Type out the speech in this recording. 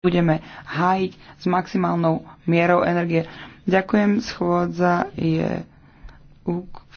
budeme hájiť s maximálnou mierou energie. Ďakujem, schôdza je ukončená.